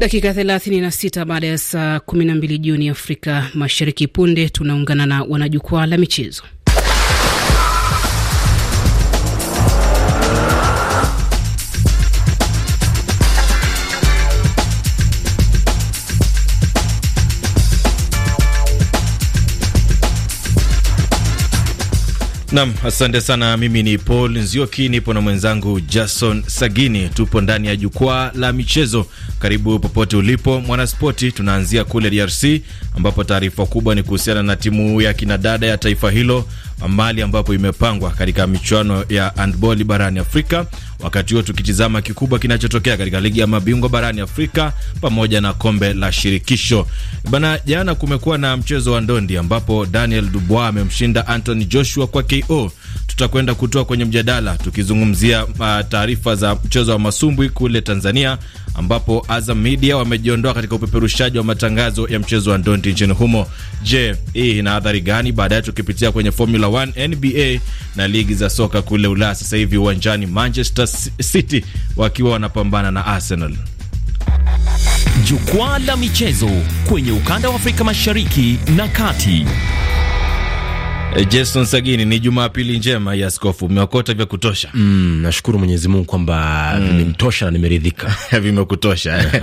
Dakika 36 baada ya saa 12 jioni Afrika Mashariki. Punde tunaungana na wanajukwaa la michezo. Nam, asante sana. Mimi ni Paul Nzioki, nipo na mwenzangu Jason Sagini. Tupo ndani ya jukwaa la michezo. Karibu popote ulipo mwanaspoti. Tunaanzia kule DRC ambapo taarifa kubwa ni kuhusiana na timu ya kinadada ya taifa hilo Mali ambapo imepangwa katika michuano ya handball barani Afrika. Wakati huo tukitizama kikubwa kinachotokea katika ligi ya mabingwa barani Afrika pamoja na kombe la shirikisho bana. Jana kumekuwa na mchezo wa ndondi ambapo Daniel Dubois amemshinda Anthony Joshua kwa KO. Tutakwenda kutoa kwenye mjadala tukizungumzia uh, taarifa za mchezo wa masumbwi kule Tanzania ambapo Azam Media wamejiondoa katika upeperushaji wa matangazo ya mchezo wa ndondi nchini humo. Je, hii ina athari gani? Baadaye tukipitia kwenye Formula 1, NBA na ligi za soka kule Ulaya. Sasa hivi uwanjani Manchester City wakiwa wanapambana na Arsenal. Jukwaa la michezo kwenye ukanda wa Afrika Mashariki na Kati. Eh, Jason Sagini, ni Jumapili njema ya askofu. Umeokota vya kutosha? Mm, nashukuru Mwenyezi Mungu kwamba mm, na nimeridhika. Vimekutosha. Haya, eh.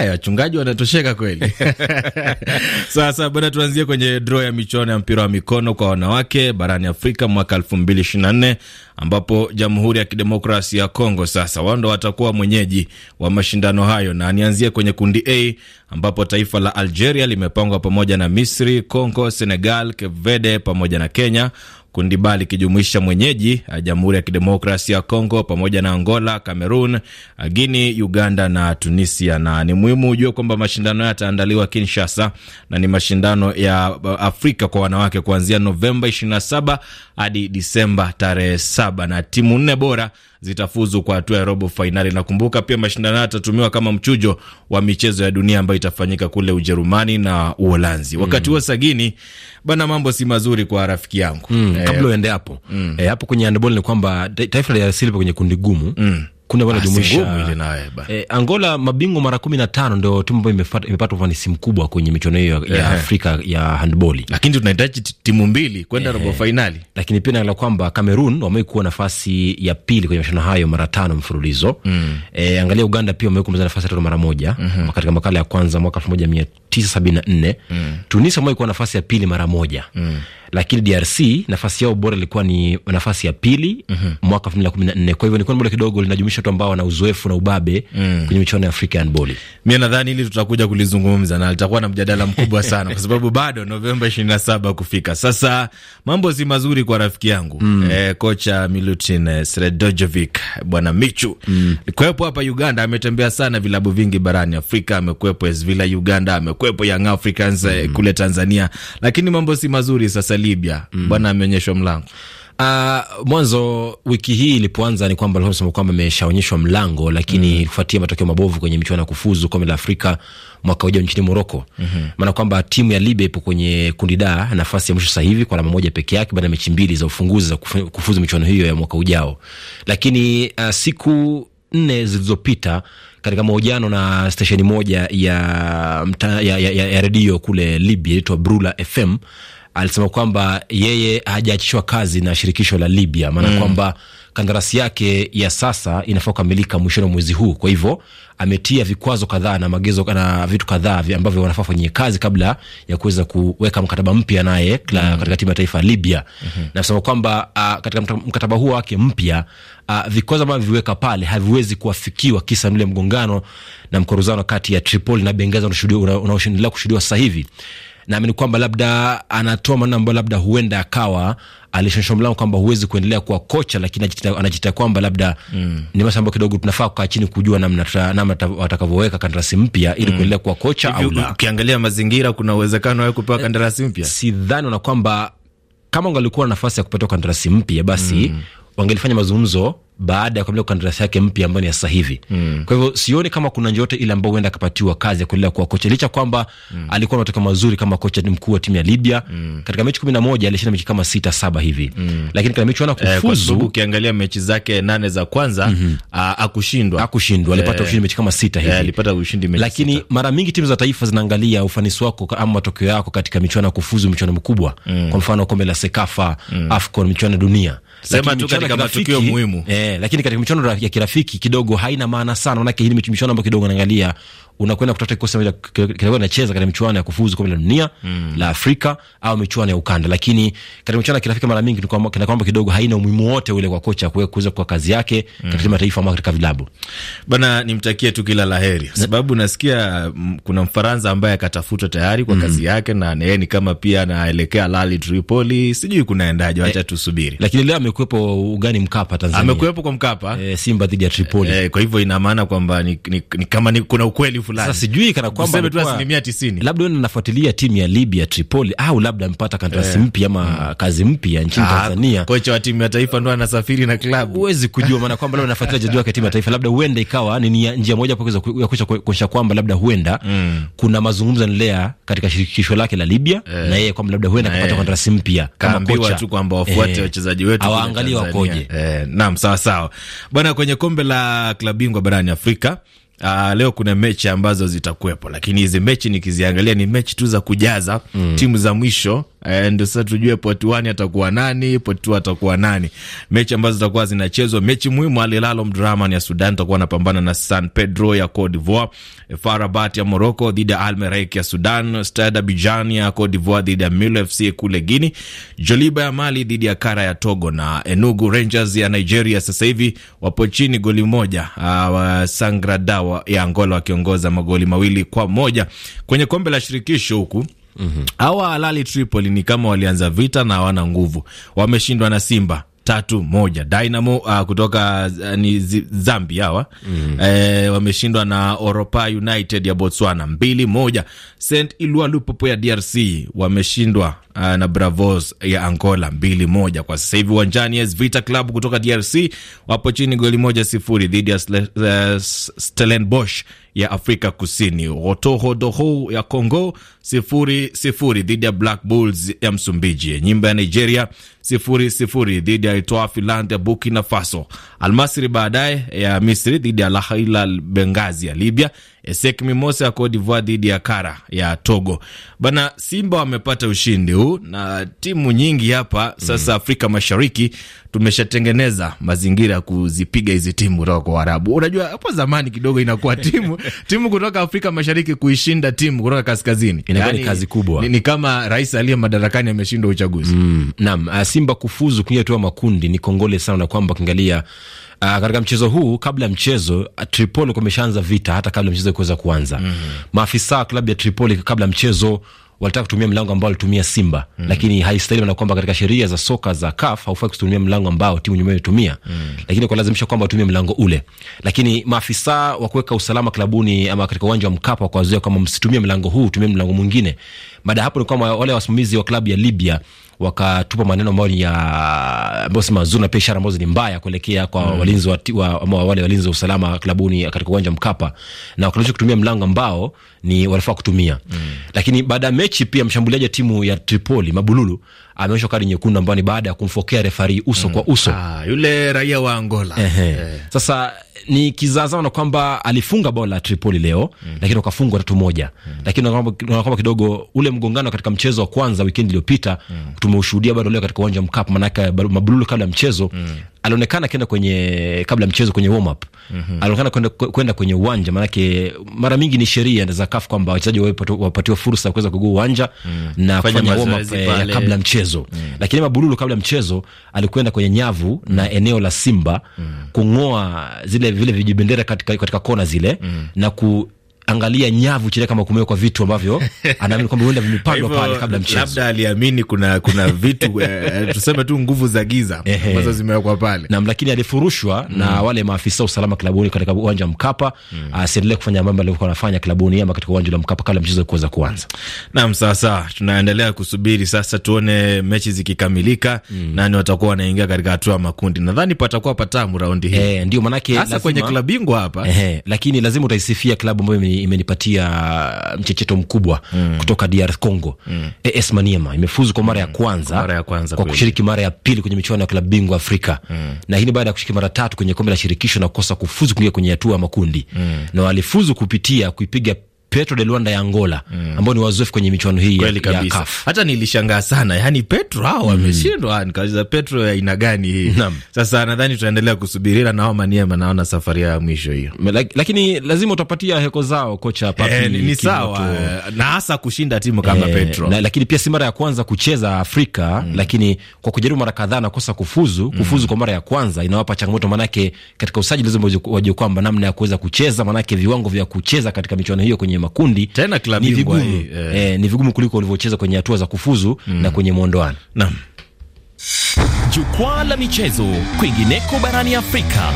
eh, wachungaji wanatosheka kweli. Sasa bwana, tuanzie kwenye draw ya michuano ya mpira wa mikono kwa wanawake barani Afrika mwaka nne ambapo Jamhuri ya kidemokrasi ya Kongo sasa wao ndo watakuwa mwenyeji wa mashindano hayo, na nianzie kwenye kundi A ambapo taifa la Algeria limepangwa pamoja na Misri, Congo, Senegal, Cape Verde pamoja na Kenya, kundi ba likijumuisha mwenyeji eh, Jamhuri ya Kidemokrasia ya Congo pamoja na Angola, Cameroon, eh, Guini, Uganda na Tunisia. Na ni muhimu ujue kwamba mashindano haya yataandaliwa Kinshasa na ni mashindano ya eh, Afrika kwa wanawake kuanzia Novemba 27 hadi Disemba tarehe 7 na timu nne bora zitafuzu kwa hatua ya robo fainali. Nakumbuka pia mashindano haya yatatumiwa kama mchujo wa michezo ya dunia ambayo itafanyika kule Ujerumani na Uholanzi. Mm. Wakati huo mm. Sagini bana, mambo si mazuri kwa rafiki yangu mm. Eh, kabla uende hapo mm. eh, hapo kwenye handball ni kwamba taifa la DRC lipo kwenye kundi gumu mm kuna bwana ah, jumuisha ile naye e, Angola mabingwa mara 15 ndio timu ambayo imepata ufanisi mkubwa kwenye michuano hiyo ya, ya Afrika ya handball, lakini tunahitaji timu mbili kwenda robo finali. Lakini pia naelewa kwamba Cameroon wamekuwa nafasi ya pili kwenye mashindano hayo mara tano mfululizo. Mm. E, angalia Uganda pia wamekuwa nafasi tatu mara moja mm -hmm. katika makala ya kwanza mwaka 1974 mm. Tunisia wamekuwa nafasi ya pili mara moja mm lakini DRC nafasi yao bora ilikuwa ni nafasi ya pili mm -hmm. mwaka elfu mbili na kumi na nne. Kwa hivyo nikuwa bora kidogo linajumuisha watu ambao wana uzoefu na ubabe mm. kwenye michuano ya Afrika handball. Mi nadhani hili tutakuja kulizungumza na litakuwa na mjadala mkubwa sana kwa sababu bado Novemba ishirini na saba kufika. Sasa mambo si mazuri kwa rafiki yangu mm. eh, kocha Milutin eh, Sredojevic bwana Michu mm. kuwepo hapa Uganda, ametembea sana vilabu vingi barani Afrika, amekuwepo Esvila Uganda, amekuwepo Young Africans eh, mm. kule Tanzania, lakini mambo si mazuri sasa Libya mm. Bwana ameonyeshwa mlango Uh, mwanzo wiki hii ilipoanza ni kwamba alikuwa amesema kwamba ameshaonyeshwa mlango, lakini mm. kufuatia mm. matokeo mabovu kwenye michuano ya kufuzu kombe la Afrika mwaka ujao nchini Moroko, mhm. maana mm -hmm. kwamba timu ya Libya ipo kwenye kundi da nafasi ya mwisho sasa hivi kwa alama moja peke yake baada ya mechi mbili za ufunguzi za kufuzu michuano hiyo ya mwaka ujao, lakini uh, siku nne zilizopita katika mahojiano na stesheni moja ya, ya, ya, ya, ya redio kule Libya inaitwa Brula FM alisema kwamba yeye hajaachishwa kazi na shirikisho la Libya, maana mm. kwamba kandarasi yake ya sasa inafaa kukamilika mwishoni wa mwezi huu. Kwa hivyo ametia vikwazo kadhaa na magezo na vitu kadhaa ambavyo wanafaa fanyie kazi kabla ya kuweza kuweka mkataba mpya naye mm. -hmm. katika timu ya taifa ya Libya mm -hmm. na kusema kwamba uh, katika mkataba huo wake mpya uh, vikwazo ambavyo viweka pale haviwezi kuafikiwa kisa nule mgongano na mkoruzano kati ya Tripoli na Benghazi unaoshuhudiwa kushuhudiwa sasa hivi naamini kwamba labda anatoa maneno ambayo labda huenda akawa alishosha kwamba huwezi kuendelea kuwa kocha, lakini anajitaa kwamba labda mm. ni masa ambayo kidogo tunafaa kukaa chini kujua namna namna watakavyoweka kandarasi mpya ili mm. kuendelea kuwa kocha au la. Ukiangalia mazingira, kuna uwezekano wewe kupewa eh, kandarasi mpya, sidhani na kwamba kama ungalikuwa na nafasi ya kupata kandarasi mpya basi mm wangelifanya mazungumzo baada ya kuamlia kandarasi yake mpya ambayo ni ya sasa hivi. Mm. Kwa hivyo sioni kama kuna njia yote ile ambayo huenda akapatiwa kazi ya kuendelea kuwa kocha licha kwamba mm. alikuwa na matokeo mazuri kama kocha mkuu wa timu ya Libya. Mm. Katika mechi kumi na moja alishinda mechi kama sita saba hivi. Mm. Lakini katika mechi wana kufuzu, eh, ukiangalia mechi zake nane za kwanza mm -hmm. akushindwa. Akushindwa, alipata eh, ushindi mechi kama sita eh, hivi. Eh, alipata ushindi mechi lakini sita. Mara mingi timu za taifa zinaangalia ufanisi wako ama matokeo yako katika michuano ya kufuzu, michuano mikubwa. Mm. Kwa mfano kombe la Sekafa, mm. AFCON, michuano ya dunia. mm sema tu katika matukio muhimu eh, lakini katika michuano ya kirafiki kidogo haina maana sana, maana hii ni michuano ambayo kidogo naangalia unakwenda kutata kikosi ambacho kitakuwa kinacheza katika michuano ya kufuzu kombe la dunia mm. la Afrika au michuano ya ukanda. Lakini katika michuano ya kirafiki mara mingi kana kwamba kidogo haina umuhimu wote ule kwa kocha kuweza kwa kazi yake mm. katika mataifa ama katika vilabu bana. Nimtakie tu kila laheri, sababu nasikia mm, kuna Mfaransa ambaye akatafutwa tayari kwa mm. kazi yake, na yeye ni kama pia anaelekea Lali Tripoli, sijui kunaendaje, eh, wacha tusubiri. Lakini leo amekuwepo ugani Mkapa, Tanzania, amekuwepo kwa Mkapa e, Simba dhidi ya Tripoli e, kwa hivyo ina maana kwamba ni, ni, ni kama ni, kuna ukweli fulani. Sasa sijui kana kwamba ni asilimia tisini, labda wewe unafuatilia timu ya Libya Tripoli, au labda amepata kandarasi eh. mpya ama mm. kazi mpya nchini ah, Tanzania. Kocha wa timu ya taifa ndo anasafiri na klabu, huwezi kujua, maana kwamba labda unafuatilia jaji wake timu ya taifa, labda huenda ikawa ni njia moja ya kuonyesha kwamba labda huenda mm. kuna mazungumzo yanaendelea katika shirikisho lake la Libya eh, na yeye kwamba labda huenda kapata eh, kandarasi mpya kama kocha tu kwamba wafuate eh, wachezaji wetu awaangalie wakoje. Eh, naam, sawa sawa bwana, kwenye kombe la klabu bingwa barani Afrika Uh, leo kuna mechi ambazo zitakuwepo, lakini hizi mechi nikiziangalia ni mechi tu za kujaza mm. timu za mwisho E, ndio sasa tujue pot 1 atakuwa nani, pot 2 atakuwa nani. Mechi ambazo zitakuwa zinachezwa, mechi muhimu, Al Hilal Omdurman ya Sudan itakuwa anapambana na San Pedro ya Cote d'Ivoire, FAR Rabat ya Morocco dhidi ya Al Merrek ya Sudan, Stade Abidjan ya Cote d'Ivoire dhidi ya Milo FC kule Guini, Joliba ya Mali dhidi ya Kara ya Togo na Enugu Rangers ya Nigeria sasa hivi wapo chini goli moja, uh, ah, Sangrada ya Angola wakiongoza magoli mawili kwa moja kwenye kombe la shirikisho huku mm -hmm. Alali Tripoli ni kama walianza vita na hawana nguvu, wameshindwa na Simba tatu moja Dynamo uh, kutoka uh, ni Zambia hawa mm. E, wameshindwa na Oropa United ya Botswana mbili moja. St Lupopo ya DRC wameshindwa uh, na Bravos ya Angola mbili moja. Kwa sasa hivi uwanjani AS Vita Club kutoka DRC wapo chini goli moja sifuri dhidi ya uh, Stellenbosch ya Afrika Kusini, Rotoho Doho ya Congo sifuri sifuri dhidi ya Black Bulls ya Msumbiji, Nyimba ya Nigeria sifuri sifuri dhidi ya Etoile Filand ya Burkina Faso, Almasri baadaye ya Misri dhidi ya Al Hilal ya Libya, Esek Mimosa ya Cote d'Ivoire dhidi ya Kara ya Togo. Bana, Simba wamepata ushindi huu na timu nyingi hapa sasa, mm. Afrika Mashariki tumeshatengeneza mazingira ya kuzipiga hizi timu kutoka kwa Waarabu. Unajua hapo zamani kidogo inakuwa timu timu kutoka Afrika Mashariki kuishinda timu kutoka kaskazini inakuwa yani, ni yaani kazi kubwa. Ni, ni kama rais aliye madarakani ameshindwa uchaguzi. Mm, naam, ah, Simba kufuzu kuingia tu makundi ni kongole sana, na kwamba kiangalia Uh, ah, katika mchezo huu kabla ya mchezo ah, Tripoli kumeshaanza vita hata kabla mchezo kuweza kuanza. Mm -hmm. Maafisa wa klabu ya Tripoli kabla mchezo walitaka kutumia mlango ambao walitumia Simba mm. lakini haistahili, maana kwamba katika sheria za soka za CAF haufai kutumia mlango ambao timu nyumbani ilitumia mm. lakini lazimisha kwamba utumie mlango ule, lakini maafisa wa kuweka usalama klabuni ama katika uwanja wa Mkapa wakawazuia kwamba msitumie mlango huu, tumie mlango mwingine. Baada ya hapo ni kwamba wale wasimamizi wa klabu ya Libya wakatupa maneno ambayo ni ambayo si mazuri na pia ishara ambazo ni mbaya kuelekea kwa mm. walinzi wa, wa, wale walinzi wa usalama klabuni katika uwanja Mkapa, na wakalisha kutumia mlango ambao ni walifaa kutumia mm. Lakini baada ya mechi pia mshambuliaji wa timu ya Tripoli Mabululu ameonyeshwa kadi nyekundu ambayo ni baada ya kumfokea refari uso mm. kwa uso ah, yule raia wa Angola Eh. Sasa ni kizazana kwamba alifunga bao la Tripoli leo mm. lakini wakafungwa tatu moja mm. lakini kwamba kidogo ule mgongano katika mchezo wa kwanza wikendi iliyopita mm. tumeushuhudia bado leo katika uwanja wa Mkapa, maanake mabululu kabla ya mchezo mm alionekana akienda kwenye kabla mchezo kwenye warm up mm -hmm. alionekana kwenda kwenda kwenye uwanja, maanake mara mingi ni sheria za CAF kwamba wachezaji wapatiwe fursa ya kuweza kugua uwanja mm. na kufanya warm up eh, kabla mchezo mm. lakini Mabululu kabla mchezo alikwenda kwenye nyavu mm. na eneo la Simba mm. kung'oa zile vile vijibendera katika, katika kona zile mm. na ku angalia nyavu chile kama kumewekwa vitu ambavyo anaamini kwamba huenda vimepandwa pale kabla mchezo. Labda aliamini kuna kuna vitu eh, eh, tuseme tu nguvu za giza ambazo zimewekwa pale. Naam, lakini alifurushwa mm. na wale maafisa usalama klabuni katika uwanja wa Mkapa mm. Ah, asiendelee uh, kufanya mambo aliyokuwa anafanya klabuni ama katika uwanja wa Mkapa kabla mchezo kuweza kuanza. Mm. Naam, sasa sawa, tunaendelea kusubiri sasa tuone mechi zikikamilika mm. nani watakuwa wanaingia katika hatua ya makundi. Nadhani patakuwa patamu raundi hii. Eh, ndio manake hasa kwenye klabu bingwa hapa. Eh, lakini lazima utaisifia klabu ambayo imenipatia mchecheto mkubwa mm. kutoka DR Congo mm. AS Maniema imefuzu kwa mara ya mm. kwanza, mara ya kwanza kwa kushiriki mara ya pili kwenye michuano ya klabu bingwa Afrika mm. na hii ni baada ya kushiriki mara tatu kwenye kombe la shirikisho na kukosa kufuzu kuingia kwenye hatua ya makundi mm. na walifuzu kupitia kuipiga Petro de Luanda ya Angola mm. ambao ni wazoefu kwenye michuano hii kweli ya, ya CAF. Hata nilishangaa sana, yani Petro hao mm. wameshindwa, mm. nikauliza Petro ya aina gani hii? Naam. Sasa nadhani tutaendelea kusubiri na nao Maniema, naona safari ya mwisho hiyo, lakini lazima utapatia heko zao kocha Papi eh, ni sawa na hasa kushinda timu kama eh, Petro na, lakini pia si mara ya kwanza kucheza Afrika mm. lakini kwa kujaribu mara kadhaa na kosa kufuzu mm. kufuzu mm. kwa mara ya kwanza inawapa changamoto, manake katika usajili lazima wajue kwamba namna ya kuweza kucheza, manake viwango vya kucheza katika michuano hiyo kwenye kwenye makundi tena klabu ni vigumu eh, eh, ni vigumu kuliko ulivyocheza kwenye hatua za kufuzu mm, na kwenye mwondoano. Naam, jukwaa la michezo kwingineko barani Afrika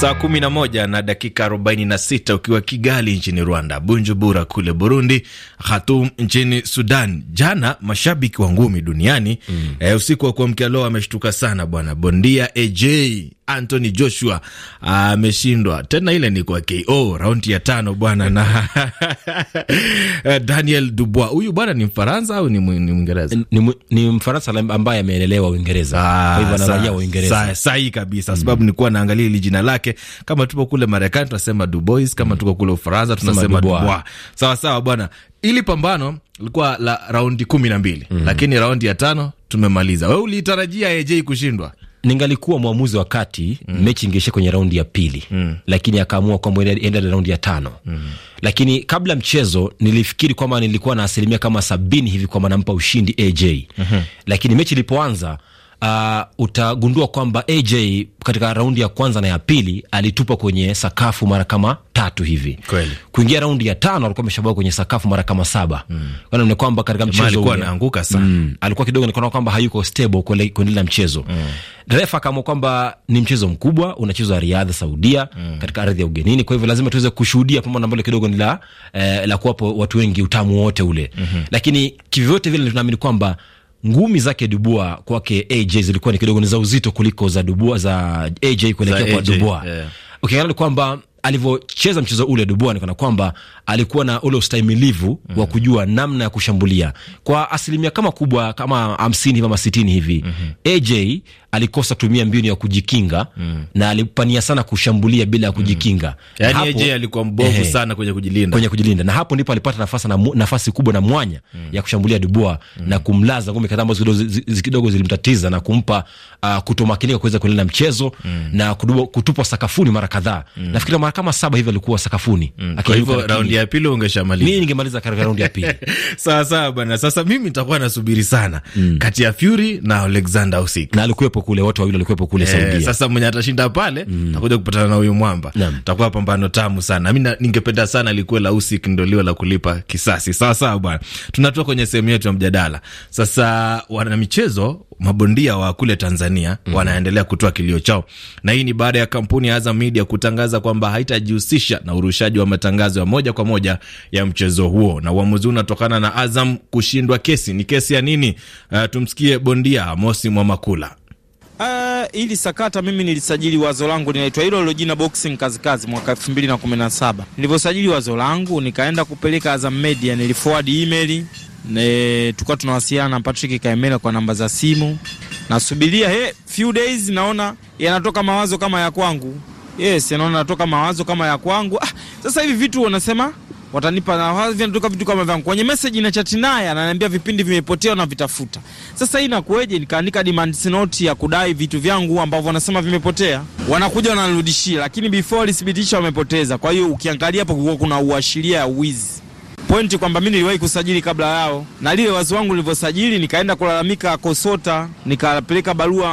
Saa kumi na dakika sita ukiwa Kigali nchini Rwanda, bura kule Burundi, hatum nchini Sudan. Jana mashabiki wa ngumi duniani mm. E, usiku wa kuamkia leo ameshtuka sana bwana. Bondia AJ Anthony Joshua ameshindwa tena, ile ni kwa KO raundi ya tano bwana na Daniel Dubois. Huyu bwana ni Mfaransa au ni Mwingereza? Ni, Mfaransa ambaye ameelelewa Uingereza, ah, kwa hivyo ana raia wa Uingereza sahihi kabisa, mm. sababu nilikuwa naangalia ile jina lake. Kama tupo kule Marekani tunasema Dubois, kama mm. tuko kule Ufaransa tunasema Dubois. Sawa sawa bwana, ili pambano likuwa la raundi kumi na mbili, mm -hmm. Lakini raundi ya tano tumemaliza. We ulitarajia AJ kushindwa? ningalikuwa mwamuzi wa kati mm. mechi ingeisha kwenye raundi ya pili mm. lakini akaamua kwamba enda raundi ya tano mm. lakini kabla mchezo nilifikiri kwamba nilikuwa na asilimia kama sabini hivi kwamba nampa ushindi AJ mm -hmm. lakini mechi ilipoanza uh, utagundua kwamba AJ katika raundi ya kwanza na ya pili alitupa kwenye sakafu mara kama tatu hivi. Kweli. Kuingia raundi ya tano alikuwa ameshabaka kwenye sakafu mara kama saba. Mm. Kwa ni kwamba katika mchezo alikuwa anaanguka sana. Mm. Alikuwa kidogo nikaona kwamba hayuko stable kuendelea na mchezo. Mm. Refa kama kwamba ni mchezo mkubwa unachezwa riadha Saudia, mm. katika ardhi ya ugenini. Kwa hivyo lazima tuweze kushuhudia pambano ambalo kidogo ni la eh, la kuwapo watu wengi utamu wote ule. Mm -hmm. Lakini kivyote vile tunaamini kwamba ngumi zake Dubua kwake AJ zilikuwa ni kidogo ni za uzito kuliko za Dubua za AJ kuelekea kwa Dubua. Yeah. Ukiangalia okay, ni kwamba alivyocheza mchezo ule Dubua ni kana kwamba alikuwa na ule ustahimilivu mm -hmm. wa kujua namna ya kushambulia kwa asilimia kama kubwa kama hamsini hivi ama sitini hivi mm -hmm. AJ alikosa kutumia mbinu ya kujikinga mm -hmm. na alipania sana kushambulia bila ya mhm. kujikinga mm yani hapo, alikuwa mbovu sana kwenye kujilinda, kwenye kujilinda na hapo ndipo alipata nafasi na nafasi kubwa na mwanya mm -hmm. ya kushambulia Dubois mm -hmm. na kumlaza ngumi kadhaa ambazo kidogo zilimtatiza na kumpa uh, kutomakinika kuweza kuendelea mhm. na mchezo mm -hmm. na kutupwa sakafuni mara kadhaa mm nafikiri mara kama saba hivi alikuwa sakafuni mm kwa hivyo -hmm ya pili ungeshamaliza. Mimi ningemaliza katika raundi ya pili. Sawa sawa bwana. Sasa mimi nitakuwa nasubiri sana mm. kati ya Fury na Alexander Usyk. Na alikuwepo kule, watu wawili walikuwepo kule eh, Saudia. Sasa mwenye atashinda pale mm. takuja kupatana na huyu mwamba. Takuwa pambano tamu sana. Mimi ningependa sana likuwe la Usyk ndio liwe la kulipa kisasi. Sawa sawa bwana. Tunatoka kwenye sehemu yetu ya mjadala. Sasa wana michezo mabondia wa kule Tanzania mm. wanaendelea kutoa kilio chao, na hii ni baada ya kampuni ya Azam Media kutangaza kwamba haitajihusisha na urushaji wa matangazo ya moja kwa moja moja ya mchezo huo, na uamuzi huu unatokana na Azam kushindwa kesi. Ni kesi ya nini? Uh, tumsikie bondia Mosi Mwamakula. Eh, hili uh, sakata mimi nilisajili wazo langu linaitwa hilo lilo jina Boxing Kazikazi mwaka 2017. Nilivyosajili wazo langu nikaenda kupeleka Azam Media, niliforward email na tukawa tunawasiliana na Patrick Kaemela kwa namba za simu. Nasubiria he, few days naona yanatoka mawazo kama ya kwangu. Yes, naona natoka mawazo kama ya kwangu. Ah, sasa hivi vitu wanasema watanipa na natoka vitu kama vyangu. Kwenye message na chat naye ananiambia vipindi vimepotea na vitafuta. Sasa hii inakueje? Nikaandika demand note ya kudai vitu vyangu ambavyo wanasema vimepotea. Wanakuja wanarudishia, lakini before lithibitisha wamepoteza. Kwa hiyo ukiangalia hapo kuna uashiria ya wizi pointi kwamba mi niliwahi kusajili kabla yao, na lile wazo wangu nilivyosajili, nikaenda kulalamika Kosota, nikapeleka barua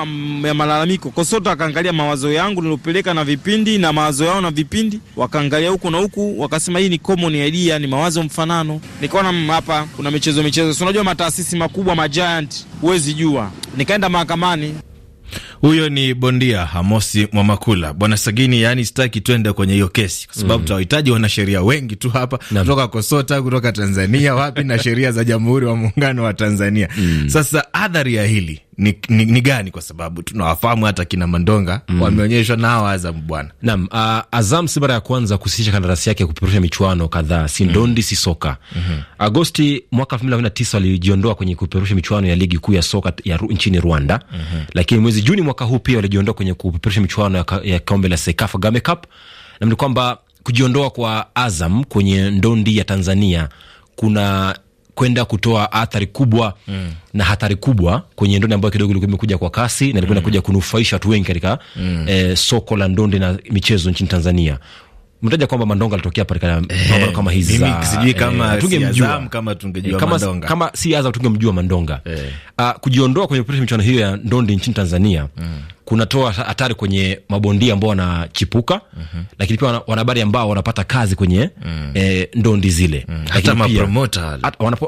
ya malalamiko Kosota, akaangalia mawazo yangu niliopeleka na vipindi na mawazo yao na vipindi, wakaangalia huku na huku, wakasema hii ni common idea, ni mawazo mfanano. Nikaona hapa kuna michezo michezo, si unajua mataasisi makubwa ma giant, huwezi jua. Nikaenda mahakamani huyo ni bondia Hamosi Mwamakula. Bwana Sagini, yaani sitaki twende kwenye hiyo kesi kwa sababu mm, tunahitaji wanasheria wengi tu hapa kutoka Kosota, kutoka Tanzania wapi na sheria za Jamhuri wa Muungano wa Tanzania mm. Sasa adhari ya hili ni, ni, ni gani kwa sababu tunawafahamu hata kina Mandonga mm. wameonyeshwa nao Azam bwana nam uh, Azam si mara ya kwanza kusitisha kandarasi yake ya kupeperusha michuano kadhaa si mm. ndondi mm. si soka mm -hmm. Agosti mwaka elfu mbili kumi na tisa walijiondoa kwenye kupeperusha michuano ya ligi kuu ya soka ya nchini Rwanda mm -hmm. lakini mwezi Juni mwaka huu pia walijiondoa kwenye kupeperusha michuano ya, ya kombe la Sekafa Game Cup ni kwamba kujiondoa kwa Azam kwenye ndondi ya Tanzania kuna kwenda kutoa athari kubwa mm. na hatari kubwa kwenye ndondi ambayo kidogo ilikuwa imekuja kwa kasi na ilikuwa mm. inakuja kunufaisha watu wengi katika mm. eh, soko la ndondi na michezo nchini Tanzania mtaja kwamba Mandonga alitokea katika eh, mapambano kama hizi za sijui kama eh, tungemjua kama tungejua Mandonga kama si Azam tungemjua Mandonga uh, kujiondoa kwenye michuano hiyo ya ndondi nchini Tanzania mm kunatoa hatari kwenye mabondia ambao wanachipuka mm -hmm. Lakini pia wanahabari ambao wanapata kazi kwenye mm. e, ndondi zile mm. Hata mapromota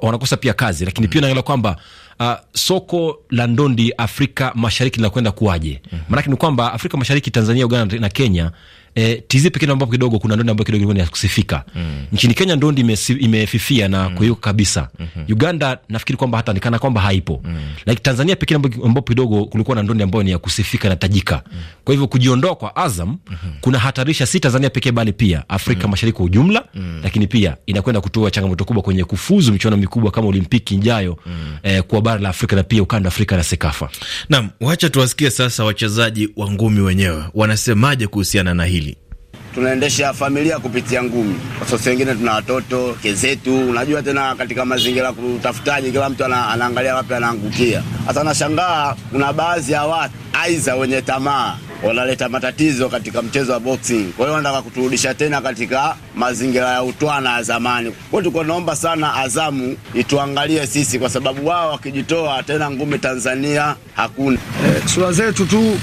wanakosa pia kazi, lakini mm. pia naelewa kwamba uh, soko la ndondi Afrika Mashariki linakwenda kuwaje? mm -hmm. Maanake ni kwamba Afrika Mashariki, Tanzania, Uganda na Kenya eh, TZ pekee ambapo kidogo kuna ndondi ambayo kidogo ilikuwa mm. Nchini Kenya ndondi imefifia na mm. kuyuka kabisa mm -hmm. Uganda nafikiri kwamba hata nikana kwamba haipo mm. Like Tanzania pekee ambapo kidogo kulikuwa na ndondi ambayo ni ya kusifika na tajika mm. Kwa hivyo kujiondoa kwa Azam mm -hmm. kuna hatarisha si Tanzania pekee bali pia Afrika mm. Mashariki kwa ujumla mm. Lakini pia inakwenda kutoa changamoto kubwa kwenye kufuzu michuano mikubwa kama Olimpiki ijayo mm. eh, kwa bara la Afrika na pia ukanda Afrika na Sekafa. Naam, wacha tuwasikie sasa wachezaji wa ngumi wenyewe wanasemaje kuhusiana na hili tunaendesha familia kupitia ngumi, kwa sababu wengine tuna watoto kezetu, unajua tena katika mazingira kutafutaji, kila mtu anaangalia wapi anaangukia. Hasa nashangaa kuna baadhi ya watu aiza wenye tamaa wanaleta matatizo katika mchezo wa boxing. Kwa hiyo wanataka kuturudisha tena katika mazingira ya utwana ya zamani. Kwa hiyo tunaomba sana Azamu ituangalie sisi, kwa sababu wao wakijitoa tena ngumi Tanzania hakuna. E, sura zetu tu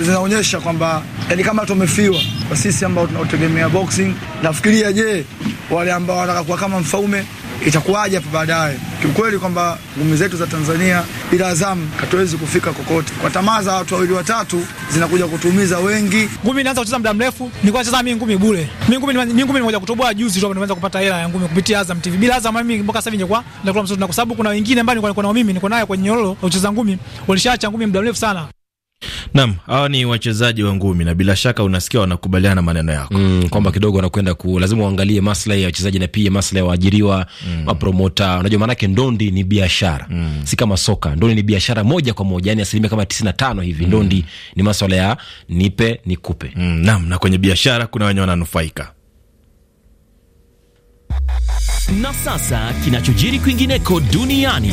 zinaonyesha zina kwamba eh, ni kama tumefiwa kwa sisi ambao tunaotegemea boxing. Nafikiria je, wale ambao wanataka kuwa kama Mfaume itakuwaje hapo baadaye. Kiukweli kwamba ngumi zetu za Tanzania bila Azamu hatuwezi kufika kokote, kwa tamaa za watu wawili watatu zinakuja kutuumiza wengi. Ngumi inaanza kucheza muda mrefu, nilikuwa nacheza mimi ngumi bure, mimi ngumi mimi ngumi kutoboa juzi tu, nimeanza kupata hela ya ngumi kupitia Azam TV. Bila Azam mimi mpaka sasa hivi msoto, na kwa sababu kuna wengine ambao nilikuwa nao mimi niko naye kwenye nyororo ucheza ngumi, walishaacha ngumi muda mrefu sana. Naam, hawa ni wachezaji wa ngumi na bila shaka unasikia wanakubaliana maneno yako mm, kwamba kidogo wanakwenda ku lazima uangalie maslahi ya wachezaji na pia maslahi ya waajiriwa mm, mapromota. Unajua maanake ndondi ni biashara mm, si kama soka. Ndondi ni biashara moja kwa moja, yani asilimia kama tisini na tano hivi mm, ndondi ni maswala ya nipe nikupe. Mm, naam, na kwenye biashara kuna wenye wananufaika na sasa kinachojiri kwingineko duniani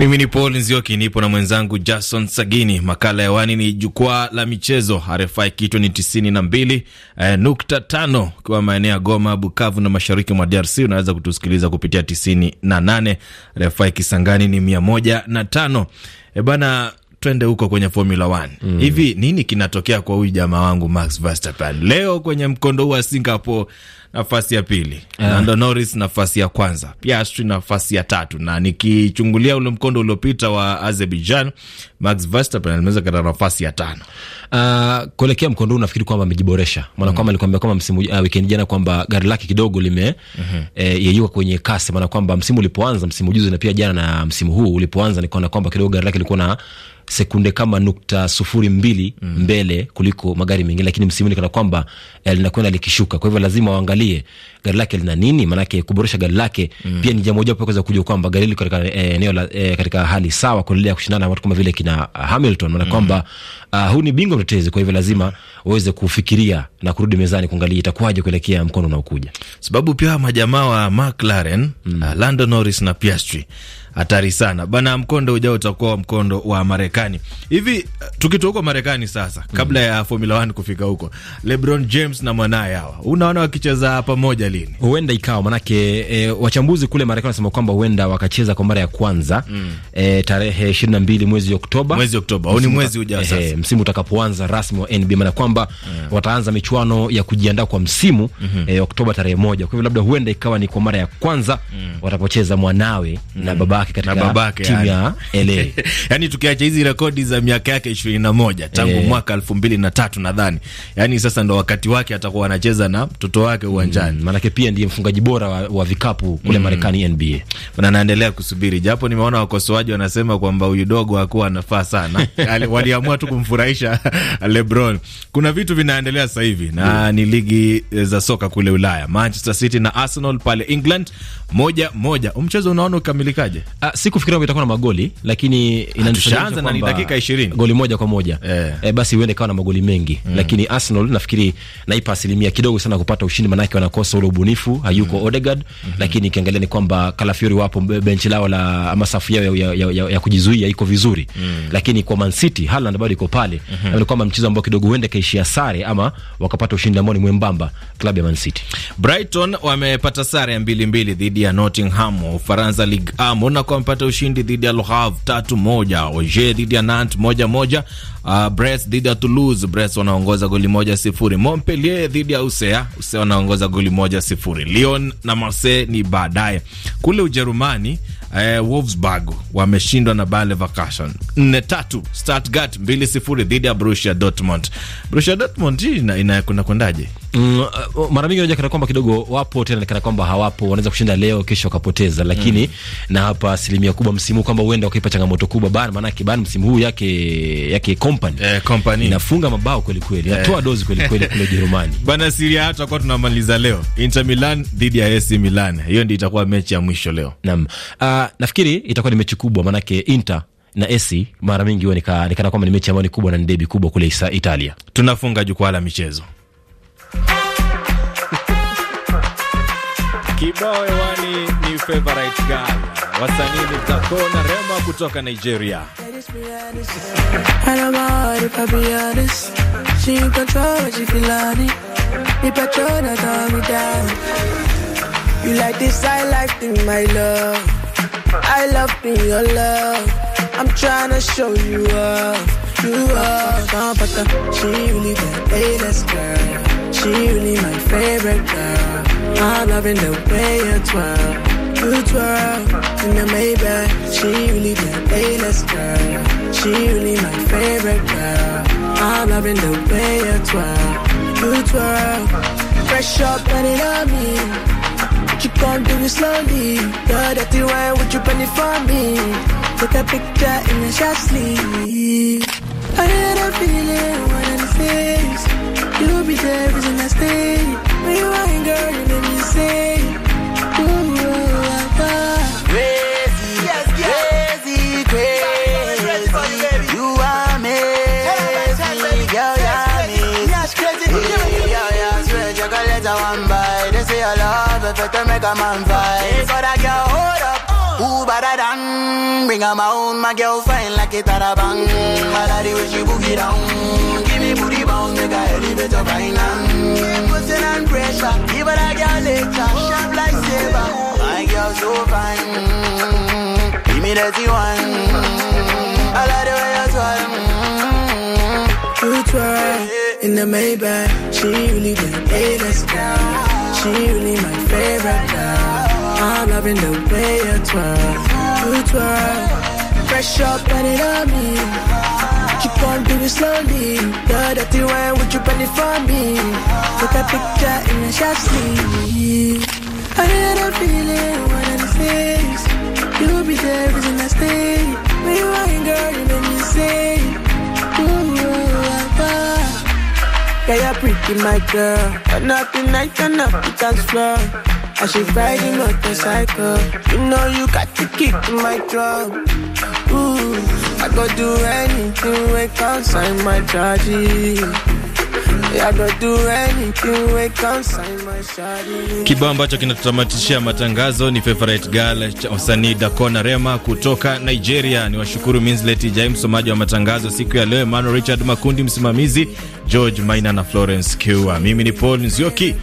mimi ni Paul Nzioki, nipo na mwenzangu Jason Sagini. Makala ya wani ni jukwaa la michezo RFI, kitwa ni tisini na mbili eh, nukta tano ukiwa maeneo ya Goma, Bukavu na mashariki mwa DRC. Unaweza kutusikiliza kupitia tisini na nane RFI Kisangani ni mia moja na tano. E bana, twende huko kwenye Formula 1 mm. Hivi nini kinatokea kwa huyu jamaa wangu Max Verstappen leo kwenye mkondo huu wa Singapore? Nafasi ya pili yeah. Lando Norris nafasi ya kwanza, Piastri nafasi ya tatu, na nikichungulia ule mkondo uliopita wa Azerbaijan, Max Verstappen alimeweza kata nafasi ya tano. Uh, kuelekea mkondo huu nafikiri kwamba amejiboresha maana kwamba mm. alikwambia mm. kwamba msimu uh, wikendi jana kwamba gari lake kidogo lime mm -hmm. eh, yeyuka kwenye kasi, maana kwamba msimu ulipoanza, msimu juzi na pia jana na msimu huu ulipoanza, nikaona kwamba kidogo gari lake lilikuwa na sekunde kama nukta sufuri mbili mm. mbele kuliko magari mengine, lakini msimu ni kana kwamba eh, linakwenda likishuka. Kwa hivyo lazima waangalie gari lake lina nini, maanake kuboresha gari lake mm. pia ni jambo mojawapo kuweza kujua kwamba gari hili katika eh, eneo la e, katika hali sawa kuendelea kushindana na watu kama vile kina ah, Hamilton, maana mm. kwamba mm. uh, ah, huu ni bingwa mtetezi, kwa hivyo lazima uweze kufikiria na kurudi mezani kuangalia itakuwaje kuelekea mkono unaokuja, sababu pia majamaa wa McLaren mm. uh, Lando Norris na Piastri hatari sana bana. Mkondo ujao utakuwa mkondo wa Marekani. Hivi tukitoka huko Marekani sasa, kabla mm. ya Formula 1 kufika huko, LeBron James na mwanaye hawa, unaona wakicheza pamoja lini, huenda ikawa manake e, wachambuzi kule Marekani wanasema kwamba huenda wakacheza kwa mara ya kwanza mm. e, tarehe 22 mwezi Oktoba, mwezi Oktoba au ni mwezi ujao sasa, e, msimu utakapoanza rasmi wa NBA, maana kwamba yeah. Mm. wataanza michuano ya kujiandaa kwa msimu mm -hmm. e, Oktoba tarehe moja. Kwa hivyo labda huenda ikawa ni kwa mara ya kwanza mm. watapocheza mwanawe mm. na babake katika na babake, timu ya LA yani tukiacha hizi rekodi za miaka yake 21 tangu e. mwaka 2003 nadhani, yani sasa ndo wakati wake atakuwa anacheza na mtoto wake uwanjani mm maanake pia ndiye mfungaji bora wa, wa vikapu kule mm. Marekani NBA na naendelea kusubiri, japo nimeona wakosoaji wanasema kwamba huyu dogo hakuwa anafaa sana waliamua tu kumfurahisha LeBron. Kuna vitu vinaendelea sasa hivi na yeah. Mm. ni ligi za soka kule Ulaya, Manchester City na Arsenal pale England moja moja. Mchezo unaona ukamilikaje? Ah, sikufikiria itakuwa na magoli, lakini inatushaanza na ni dakika ishirini goli moja kwa moja yeah. E, eh, basi huende ikawa na magoli mengi mm. lakini Arsenal nafikiri naipa asilimia kidogo sana kupata ushindi, manake wanakosa ule ubunifu hayuko mm -hmm. Odegaard mm -hmm. Lakini ikiangalia ni kwamba Kalafiori wapo benchi lao la ama safu yao ya, ya, ya, ya ya kujizuia iko vizuri mm Lakini kwa Man City Haaland bado iko pale mm -hmm. Ni kwamba mchezo ambao kidogo huenda kaishia sare ama wakapata ushindi ambao ni mwembamba klabu ya Man City. Brighton wamepata sare ya mbili mbili dhidi ya Nottingham Ufaransa Ligue 1 na kumpata ushindi dhidi ya Le Havre tatu moja Oje dhidi ya Nantes moja moja Uh, Brest dhidi ya Toulouse, Brest wanaongoza goli moja sifuri. Montpellier dhidi ya Usea, Usea wanaongoza goli moja sifuri. Lyon na Marseille ni baadaye. Kule Ujerumani eh, Wolfsburg wameshindwa na Bayer Leverkusen nne tatu. Stuttgart mbili sifuri dhidi ya Borussia Dortmund. Borussia Dortmund hii inakwenda kwendaje? Mm, uh, mara mingi unajua kana kwamba kidogo wapo tena kana kwamba hawapo, wanaweza kushinda leo kesho wakapoteza, lakini mm, na hapa asilimia kubwa msimu kwamba huenda wakaipa changamoto kubwa Bayern, maana yake Bayern msimu huu yake yake company eh, company inafunga mabao kweli kweli, eh. inatoa eh, dozi kweli kweli kule Jerumani bana. Siria hata kwa tunamaliza leo Inter Milan dhidi ya AC Milan, hiyo ndio itakuwa mechi ya mwisho leo. Naam, uh, nafikiri itakuwa ni mechi kubwa, maana Inter na esi mara mingi huwa nikana kwamba ni mechi ambayo ni kubwa na ni debi kubwa kule Italia. Tunafunga jukwaa la michezo. Kibao hewani ni favorite girl, wasanii ni Tako na Rema kutoka Nigeria. You like this, I like it, my love. I love being your love. I'm trying to show you off. You off. She really the latest girl. She really my favorite girl i love in the way you twirl. You twirl in the Maybach. She really the A-list girl. She really my favorite girl. i love in the way you twirl. You twirl. Fresh up, and it on me. you can do it slowly? The dirty wine, would you put it for me? Take a picture in the shot sleeve. I had a feeling when I'm You will be there, isn't that state? rewind, girl, me say. to make a man fight. So that girl, hold up. Who better than Bring her my own, my girl fine like it at a bang. My daddy, when you boogie down a elevator island. Pussing and pressure, give her that girl later. Sharp like saber, my girl so fine. Give me that one. I like the way you twirl. You twirl in the Maybach. She really the latest girl. She really my favorite girl. Uh, I'm loving the way you twirl. You twirl. Fresh up, put it on me you gon' do it slowly. that you wine, would you burn it for me? Take a picture in a short sleeve. I need a feeling when I face. You be there, reason I stay. When you ain't girl, you make me say, Ooh, I Yeah, you're pretty, my girl. But nothing I turn up the dance floor. I should ride a motorcycle. You know you got to kick my drum. I go do anything wey concern my my charge Kibao ambacho kinatutamatishia matangazo ni Favorite Girl cha wasanii Dakona Rema kutoka Nigeria. Ni washukuru Minslet Jai, msomaji wa matangazo siku ya leo, Emmanuel Richard Makundi, msimamizi George Maina na Florence Kiwa. Mimi ni Paul Nzioki.